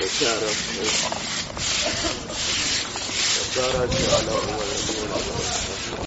Take care of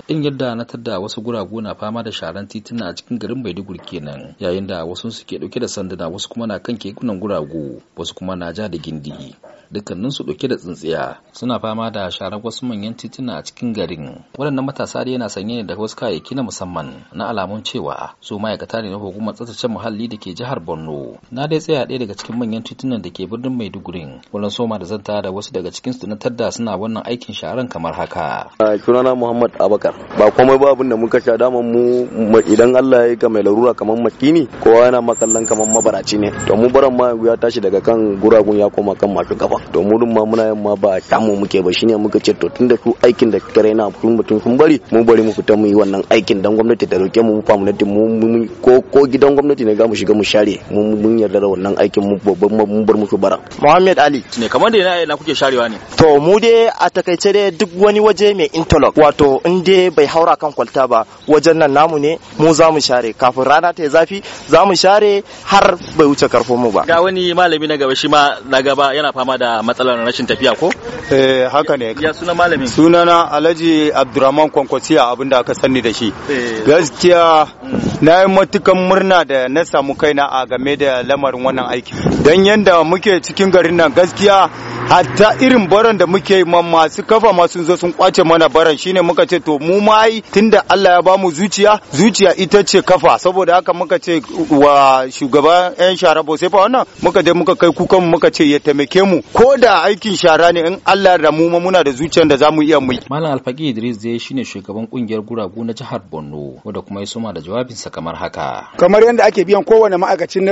in yadda na tadda wasu guragu na fama da sharan tituna a cikin garin maiduguri kenan yayin da wasu suke dauke da sanduna wasu kuma na kan kekunan guragu wasu kuma na ja da gindi dukkanin su dauke da tsintsiya suna fama da sharan wasu manyan tituna a cikin garin waɗannan matasa da yana sanye ne da wasu kayayyaki na musamman na alamun cewa su ma'aikata ne na hukumar tsaftace muhalli da ke jihar borno na dai tsaya ɗaya daga cikin manyan titunan da ke birnin maiduguri wurin soma da zanta da wasu daga cikin su na tadda suna wannan aikin cikin sharan kamar haka. sunana Muhammad Abakar ba komai ba abin da muka sha daman mu idan Allah ya ga mai larura kamar makini kowa yana makallan kamar mabaraci ne to mu baran ma ya tashi daga kan guragun ya koma kan masu gaba to mu din ma muna yamma ba samu muke ba shine muka ce to tunda su aikin da kare na kun mutum sun bari mu bari mu fita mu yi wannan aikin dan gwamnati da roke mu mu famunatin mu ko ko gidan gwamnati ne ga mu shiga mu share mun yarda da wannan aikin mu babban mu bar musu bara Muhammad Ali ne kamar da yana kuke sharewa ne to mu dai a takaice takaice dai duk wani waje mai interlock wato in dai bai haura kan kwalta ba wajen nan namu ne mu za mu share kafin rana ta yi zafi za mu share har bai wuce karfin mu ba ga wani malami na gaba shi ma na gaba yana fama da matsalar rashin tafiya ko eh haka ne ya suna malami sunana Alhaji Abdurrahman Kwankwasiya abinda aka sani da shi eh. gaskiya mm. na yi matukan murna da na samu na a game da lamarin wannan aiki don yadda muke cikin garin nan gaskiya hatta irin baran da muke yi masu kafa ma sun zo sun kwace mana baran shine muka ce to mu ma yi tunda Allah ya bamu zuciya zuciya ita ce kafa saboda haka muka ce wa shugaban yan shara sai fa wannan muka je muka kai kukan muka ce ya taimake mu ko da aikin shara ne in Allah da mu muna da zuciyar da zamu iya mu malam alfaqi Idris zai shine shugaban kungiyar guragu na jihar Borno wanda kuma ya suma da jawabin sa kamar haka kamar yadda ake biyan kowane ma'aikacin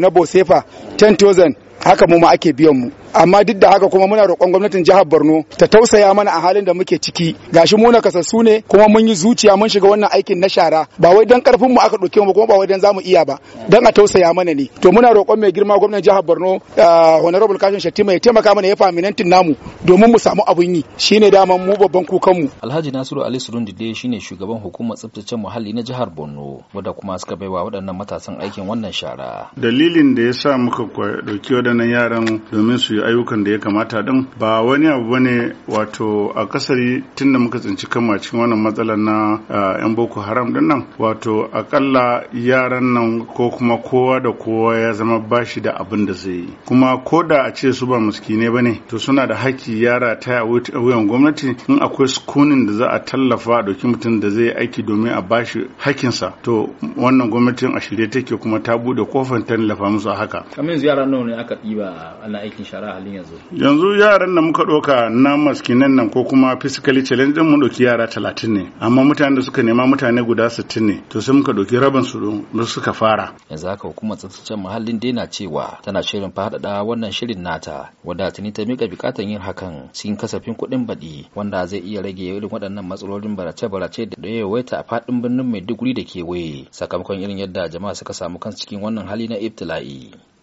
na bosefa 10,000 haka mu ma ake biyan mu amma duk da haka kuma muna roƙon gwamnatin jihar Borno ta tausaya mana a halin da muke ciki gashi mu na kasassu ne kuma mun yi zuciya mun shiga wannan aikin na shara ba wai dan karfin mu aka ɗauke mu kuma ba wai dan zamu iya ba dan a tausaya mana ne to muna roƙon mai girma gwamnatin jihar Borno eh, honorable Kashin Shattima ya taimaka mana ya faminantin namu domin mu samu abun yi shine daman mu babban kukan mu Alhaji Nasiru Ali Surundi dai shine shugaban hukumar tsaftace muhalli na jihar Borno wanda kuma suka baiwa waɗannan matasan aikin wannan shara dalilin da yasa muka doke waɗannan yaran domin su yi ayyukan da ya kamata din ba wani abu ba ne wato a kasari tunda muka tsinci kan a cikin wannan matsalar na yan boko haram din nan wato akalla yaran nan ko kuma kowa da kowa ya zama bashi da abin da zai yi kuma ko da a ce su ba muskine ne to suna da haƙƙi yara ta wuyan gwamnati in akwai sukunin da za a tallafa a ɗauki mutum da zai aiki domin a bashi hakinsa to wannan gwamnatin a shirye take kuma ta buɗe kofan tallafa musu a haka kamar yanzu yara nawa ne aka ɗiba ana aikin shara halin yanzu yanzu yaran da muka ɗauka na maskinan nan ko kuma physically challenge din mun ɗauki yara talatin ne amma mutanen da suka nema mutane guda sittin ne to sai muka ɗauki rabin su da suka fara yanzu haka hukumar tsaftace muhallin dai na cewa tana shirin faɗaɗa wannan shirin nata wanda tuni ta miƙa bukatan yin hakan cikin kasafin kuɗin baɗi wanda zai iya rage irin waɗannan matsalolin barace-barace da ya yawaita a faɗin birnin maiduguri da kewaye sakamakon irin yadda jama'a suka samu kansu cikin wannan hali na ibtila'i